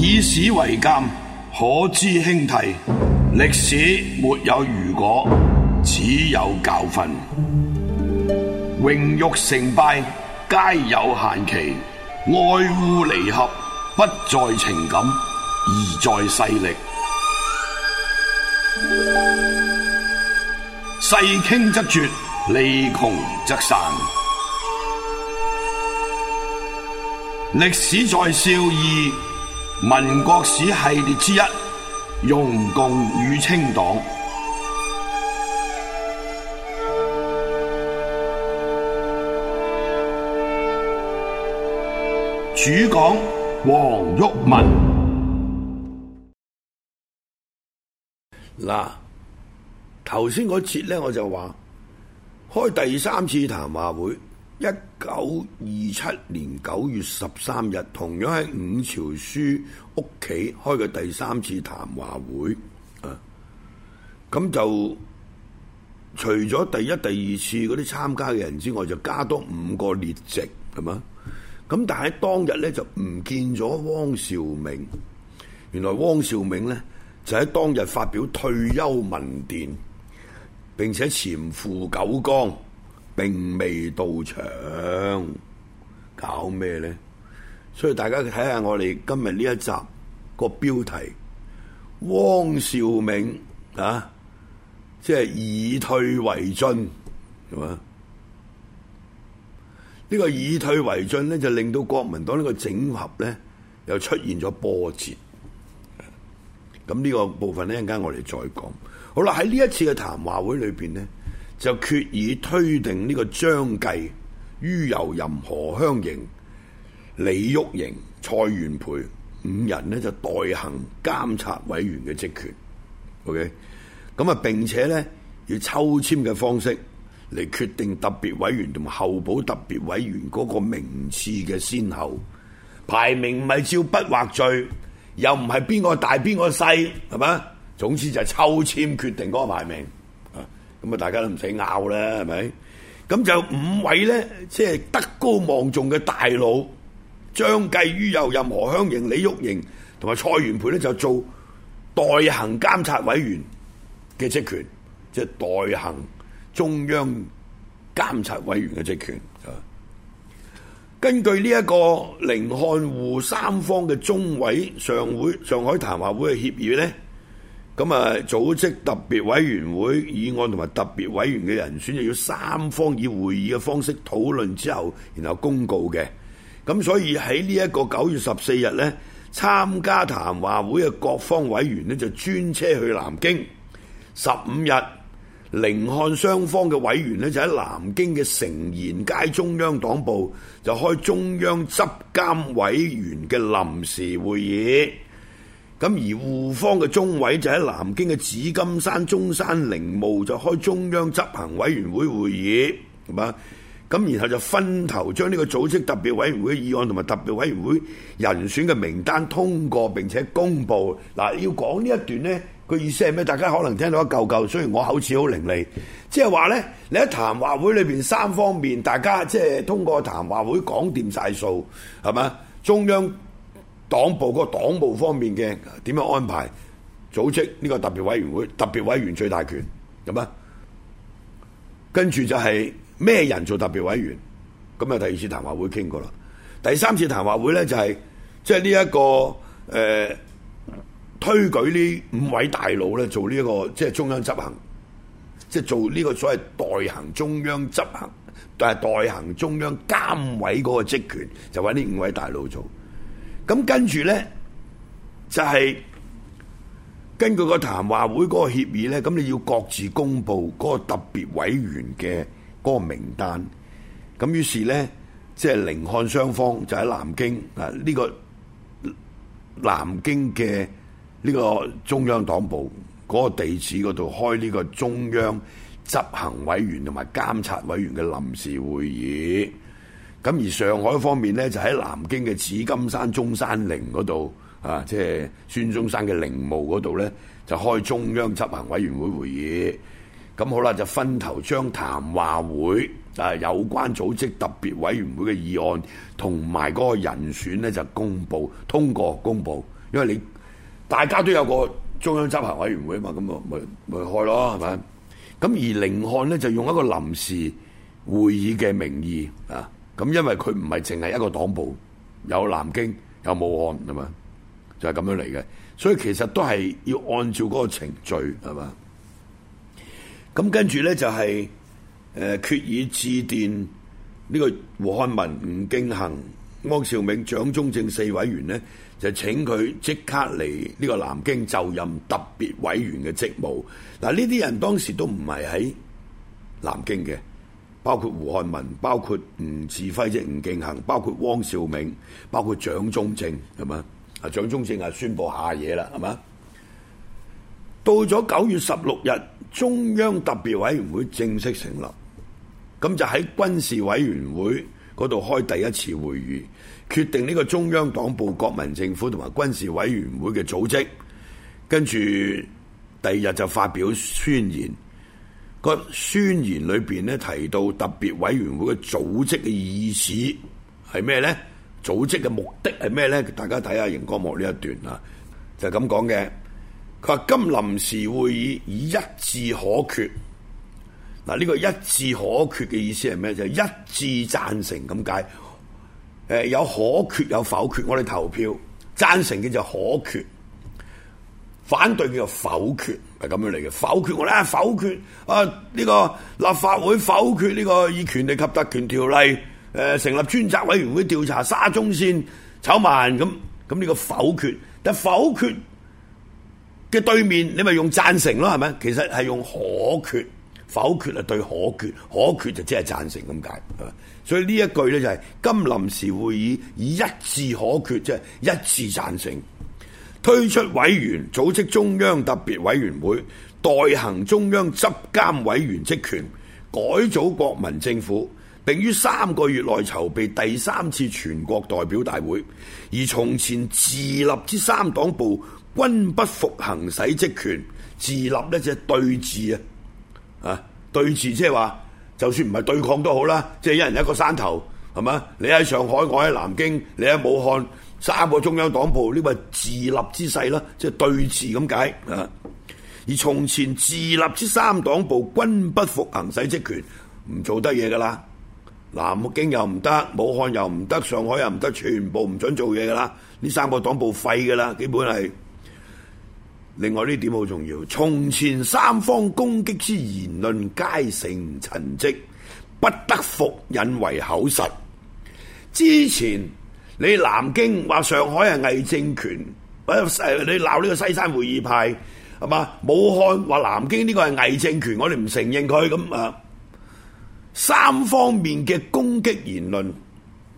以史為鑑，可知興替。歷史沒有如果，只有教訓。榮辱成敗皆有限期，愛惡離合不在情感，而在勢力。世傾則絕，利窮則散。歷史在笑貳。民國史系列之一：容共與清黨。主講黃毓民。嗱，頭先嗰節咧，我就話開第三次談話會。一九二七年九月十三日，同樣喺五朝書屋企開嘅第三次談話會，啊，咁就除咗第一、第二次嗰啲參加嘅人之外，就加多五個列席，係嘛？咁但係當日呢，就唔見咗汪兆銘，原來汪兆銘呢，就喺當日發表退休文電，並且潛赴九江。明未到場，搞咩咧？所以大家睇下我哋今日呢一集個標題，汪兆銘啊，即係以退為進，係嘛？呢個以退為進咧，就令到國民黨呢個整合咧，又出現咗波折。咁呢個部分咧，陣間我哋再講。好啦，喺呢一次嘅談話會裏邊咧。就決議推定呢個張繼、于右任、何香凝、李玉瑩、蔡元培五人呢，就代行監察委員嘅職權，OK？咁啊，並且呢，要抽籤嘅方式嚟決定特別委員同候補特別委員嗰個名次嘅先後排名，唔係照筆劃序，又唔係邊個大邊個細，係嘛？總之就係抽籤決定嗰個排名。咁啊，大家都唔使拗啦，係咪？咁就五位呢，即係德高望重嘅大佬，張繼、于右任、何香凝、李煜瀛同埋蔡元培呢，就做代行監察委員嘅職權，即係代行中央監察委員嘅職權。根據呢一個寧漢滬三方嘅中委上會上海談話會嘅協議呢。咁啊，組織特別委員會議案同埋特別委員嘅人選，就要三方以會議嘅方式討論之後，然後公告嘅。咁所以喺呢一個九月十四日呢，參加談話會嘅各方委員呢就專車去南京。十五日，寧漢雙方嘅委員呢就喺南京嘅成賢街中央黨部就開中央執監委員嘅臨時會議。咁而互方嘅中委就喺南京嘅紫金山中山陵墓就開中央執行委員會會議，係嘛？咁然後就分頭將呢個組織特別委員會議案同埋特別委員會人選嘅名單通過，並且公布。嗱，要講呢一段呢，個意思係咩？大家可能聽到一舊舊，雖然我口齒好伶俐，即係話呢，你喺談話會裏邊三方面，大家即係通過談話會講掂晒數，係嘛？中央。黨部個黨部方面嘅，點樣安排組織呢個特別委員會，特別委員最大權咁啊。跟住就係、是、咩人做特別委員，咁啊第二次談話會傾過啦。第三次談話會咧就係即係呢一個誒、呃、推舉呢五位大佬咧做呢、這個即係、就是、中央執行，即、就、係、是、做呢個所謂代行中央執行誒代行中央監委嗰個職權，就揾呢五位大佬做。咁跟住呢，就係根據個談話會嗰個協議呢，咁你要各自公布嗰個特別委員嘅嗰個名單。咁於是呢，即係寧漢雙方就喺南京啊，呢個南京嘅呢個中央黨部嗰個地址嗰度開呢個中央執行委員同埋監察委員嘅臨時會議。咁而上海方面咧，就喺南京嘅紫金山中山陵嗰度啊，即係孫中山嘅陵墓嗰度咧，就開中央執行委員會會議。咁、啊、好啦，就分頭將談話會啊有關組織特別委員會嘅議案同埋嗰個人選咧，就公布通過公布，因為你大家都有個中央執行委員會啊嘛，咁咪咪咪開咯，係咪？咁、啊、而寧漢咧，就用一個臨時會議嘅名義啊。咁因為佢唔係淨係一個黨部，有南京有武漢係嘛，就係、是、咁樣嚟嘅，所以其實都係要按照嗰個程序係嘛。咁跟住咧就係、是、誒、呃、決議致電呢個胡漢民、吳敬恆、汪兆銘、蔣中正四委員咧，就請佢即刻嚟呢個南京就任特別委員嘅職務。嗱呢啲人當時都唔係喺南京嘅。包括胡漢民，包括吳稚暉，即吳敬恒，包括汪兆銘，包括蔣中正，係嘛？啊，蔣中正啊，宣布下野啦，係嘛？到咗九月十六日，中央特別委員會正式成立，咁就喺軍事委員會嗰度開第一次會議，決定呢個中央黨部、國民政府同埋軍事委員會嘅組織，跟住第二日就發表宣言。個宣言裏邊咧提到特別委員會嘅組織嘅意思係咩咧？組織嘅目的係咩咧？大家睇下螢光幕呢一段啊，就咁講嘅。佢話今臨時會議以一致可決。嗱、這、呢個一致可決嘅意思係咩？就是、一致贊成咁解。誒，有可決有否決，我哋投票贊成嘅就可決，反對嘅就否決。係咁樣嚟嘅，否決我咧，否決啊！呢、這個立法會否決呢個以權力、及特權條例，誒、呃，成立專責委員會調查沙中綫醜聞咁，咁呢個否決，但否決嘅對面，你咪用贊成咯，係咪？其實係用可決，否決係對可決，可決就即係贊成咁解。所以呢一句咧就係、是、今臨時會議以一致可決，即係一致贊成。推出委員組織中央特別委員會，代行中央執監委員職權，改組國民政府，并於三個月內籌備第三次全國代表大會。而從前自立之三黨部均不服行使職權，自立呢即係對峙啊！啊，對峙即係話，就算唔係對抗都好啦，即係一人一個山頭。係嘛？你喺上海，我喺南京，你喺武漢，三個中央黨部呢個自立之勢啦，即係對峙咁解。啊！而從前自立之三黨部均不服行使職權，唔做得嘢噶啦。南京又唔得，武漢又唔得，上海又唔得，全部唔准做嘢噶啦。呢三個黨部廢噶啦，基本係。另外呢點好重要，從前三方攻擊之言論皆成陳迹，不得服引為口實。之前你南京話上海係偽政權，誒你鬧呢個西山會議派係嘛？武漢話南京呢個係偽政權，我哋唔承認佢咁啊。三方面嘅攻擊言論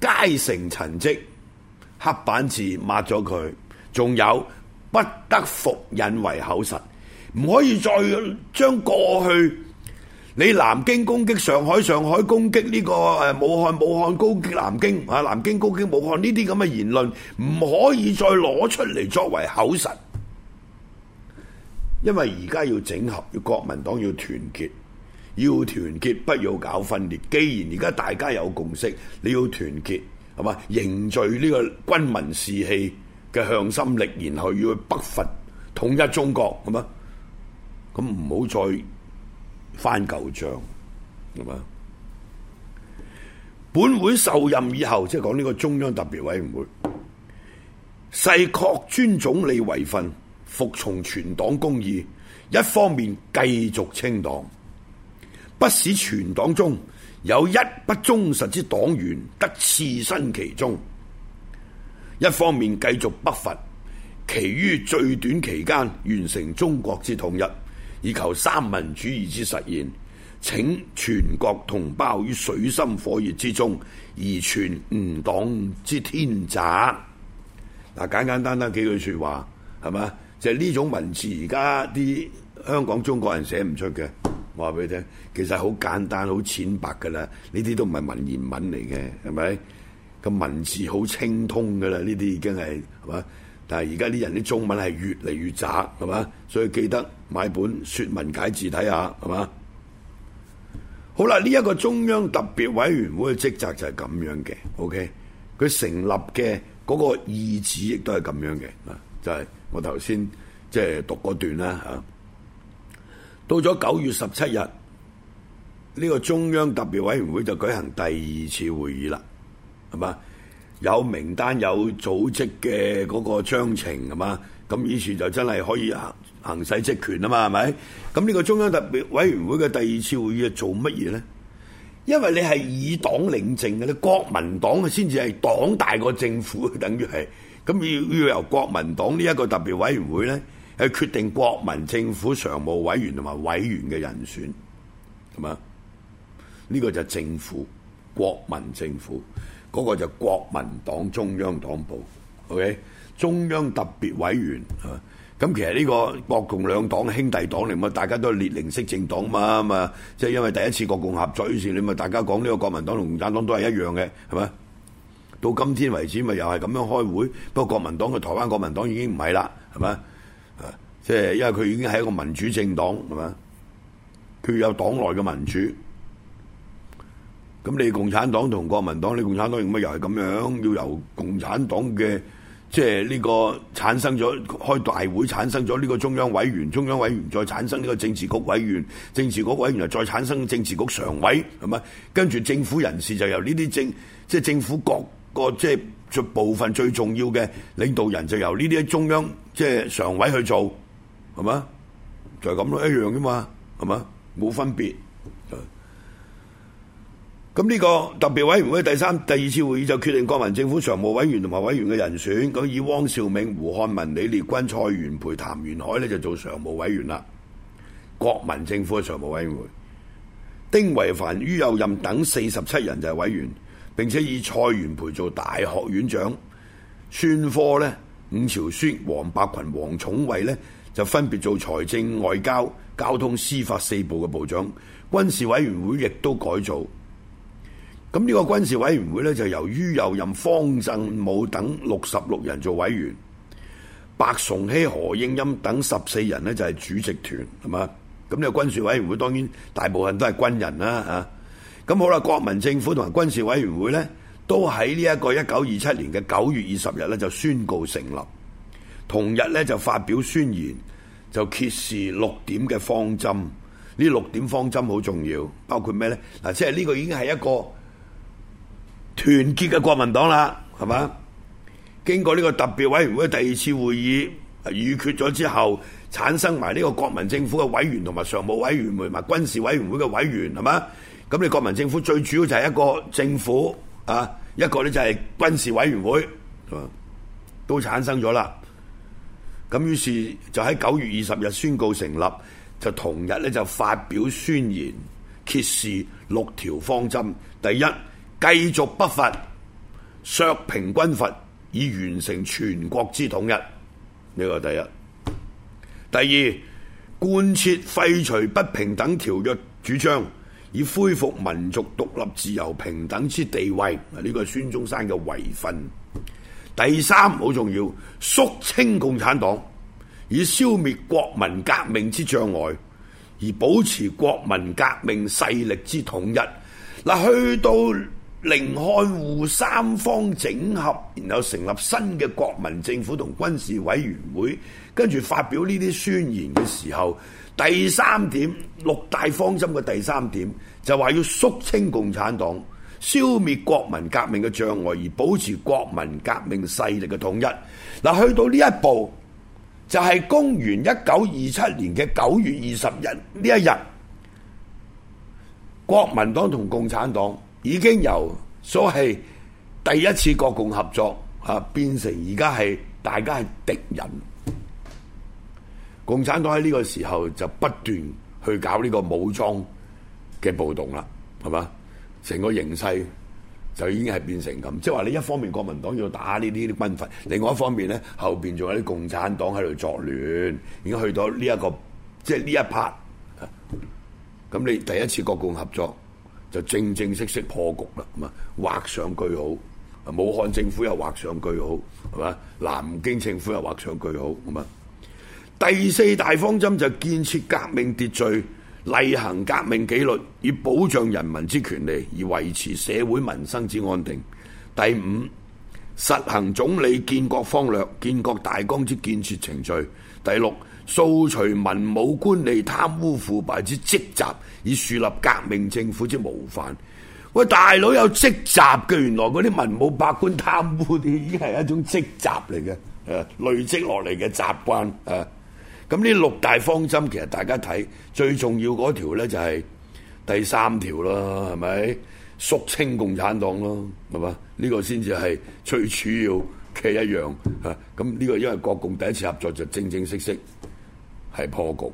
皆成陳迹，黑板字抹咗佢，仲有不得復引為口實，唔可以再將過去。你南京攻擊上海，上海攻擊呢個武漢，武漢攻擊南京啊！南京攻擊武漢呢啲咁嘅言論唔可以再攞出嚟作為口實，因為而家要整合，要國民黨要團結，要團結，不要搞分裂。既然而家大家有共識，你要團結係嘛，凝聚呢個軍民士氣嘅向心力，然後要去北伐統一中國係嘛！咁唔好再翻舊帳，係嘛？本會受任以後，即係講呢個中央特別委員會，誓確尊總理為訓，服從全黨公意。一方面繼續清黨，不使全黨中有一不忠實之黨員得廁身其中；一方面繼續北伐，期於最短期間完成中國之統一。以求三民主義之實現，請全國同胞於水深火熱之中而全吾黨之天責。嗱，簡簡單單幾句説話，係嘛？就係、是、呢種文字，而家啲香港中國人寫唔出嘅。我話俾你聽，其實好簡單，好淺白嘅啦。呢啲都唔係文言文嚟嘅，係咪？個文字好清通嘅啦，呢啲已經係係嘛？但係而家啲人啲中文係越嚟越渣，係嘛？所以記得買本《説文解字》睇下，係嘛？好啦，呢一個中央特別委員會嘅職責就係咁樣嘅，OK？佢成立嘅嗰個意志亦都係咁樣嘅，啊，就係我頭先即係讀嗰段啦嚇。到咗九月十七日，呢個中央特別委員會就舉行第二次會議啦，係嘛？有名單有組織嘅嗰個章程，係嘛？咁於是就真係可以行行使職權啊嘛，係咪？咁呢個中央特別委員會嘅第二次會議做乜嘢咧？因為你係以黨領政嘅，你國民黨先至係黨大過政府，等於係咁，要要由國民黨呢一個特別委員會咧，係決定國民政府常務委員同埋委員嘅人選，係嘛？呢個就係政府，國民政府。嗰個就國民黨中央黨部，OK，中央特別委員吓，咁，啊，其實呢個國共兩黨兄弟黨嚟嘛，大家都列寧式政黨嘛嘛，即係因為第一次國共合作，於是你咪大家講呢個國民黨同共產黨都係一樣嘅，係咪？到今天為止咪又係咁樣開會，不過國民黨嘅台灣國民黨已經唔係啦，係咪？啊，即係因為佢已經係一個民主政黨，係嘛？佢有黨內嘅民主。咁你共產黨同國民黨，你共產黨又乜又係咁樣？要由共產黨嘅即係呢個產生咗開大會產生咗呢個中央委員，中央委員再產生呢個政治局委員，政治局委員又再產生政治局常委，係咪？跟住政府人士就由呢啲政即係政府各個即係、就是、部分最重要嘅領導人就，就由呢啲中央即係常委去做，係嘛？就係咁咯，一樣嘅嘛，係嘛？冇分別。咁呢個特別委員會第三第二次會議就決定國民政府常務委員同埋委員嘅人選，咁以汪兆銘、胡漢民、李烈鈞、蔡元培、譚延闓呢就做常務委員啦。國民政府嘅常務委員會，丁惟汾、于右任等四十七人就係委員，並且以蔡元培做大學院長，孫科呢、伍朝樞、王伯群、王寵惠呢就分別做財政、外交、交通、司法四部嘅部長。軍事委員會亦都改造。咁呢個軍事委員會咧，就由于右任、方振武等六十六人做委員，白崇禧、何應欽等十四人呢，就係主席團，係嘛？咁、這、呢個軍事委員會當然大部分都係軍人啦，嚇、啊。咁好啦，國民政府同埋軍事委員會呢，都喺呢一個一九二七年嘅九月二十日呢，就宣告成立，同日呢，就發表宣言，就揭示六點嘅方針。呢六點方針好重要，包括咩呢？嗱，即係呢個已經係一個。團結嘅國民黨啦，係嘛？經過呢個特別委員會第二次會議議決咗之後，產生埋呢個國民政府嘅委員同埋常務委員會埋軍事委員會嘅委員，係嘛？咁你國民政府最主要就係一個政府啊，一個呢就係軍事委員會，都產生咗啦。咁於是就喺九月二十日宣告成立，就同日咧就發表宣言，揭示六條方針。第一。繼續北伐，削平軍閥，以完成全國之統一。呢個第一，第二，貫徹廢除不平等條約主張，以恢復民族獨立、自由、平等之地位。啊，呢個孫中山嘅遺訓。第三好重要，肅清共產黨，以消滅國民革命之障礙，以保持國民革命勢力之統一。嗱，去到。寧漢滬三方整合，然後成立新嘅國民政府同軍事委員會，跟住發表呢啲宣言嘅時候，第三點，六大方針嘅第三點就話要肅清共產黨，消滅國民革命嘅障礙，而保持國民革命勢力嘅統一。嗱，去到呢一步，就係、是、公元一九二七年嘅九月二十日呢一日，國民黨同共產黨。已經由所謂第一次國共合作啊，變成而家係大家係敵人。共產黨喺呢個時候就不斷去搞呢個武裝嘅暴動啦，係嘛？成個形勢就已經係變成咁，即係話你一方面國民黨要打呢啲軍閥，另外一方面咧後邊仲有啲共產黨喺度作亂，已經去到呢、這個、一個即係呢一 part。咁你第一次國共合作。就正正式式破局啦，咁啊畫上句號。武漢政府又畫上句號，係嘛？南京政府又畫上句號，咁啊。第四大方針就建設革命秩序，厲行革命紀律，以保障人民之權利，以維持社會民生之安定。第五。實行總理建國方略、建國大綱之建設程序；第六，掃除文武官吏貪污腐敗之積習，以樹立革命政府之模範。喂，大佬有積習嘅，原來嗰啲文武百官貪污，啲已經係一種積習嚟嘅，誒、啊，累積落嚟嘅習慣。誒、啊，咁呢六大方針，其實大家睇最重要嗰條呢就係、是、第三條咯，係咪？肅清共產黨咯，係嘛？呢、這個先至係最主要嘅一樣嚇。咁、啊、呢、這個因為國共第一次合作就正正式式係破局。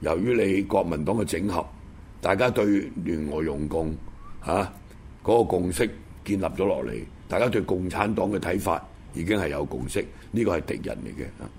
由於你國民黨嘅整合，大家對聯俄容共嚇嗰、啊，那個共識建立咗落嚟，大家對共產黨嘅睇法已經係有共識，呢、這個係敵人嚟嘅。啊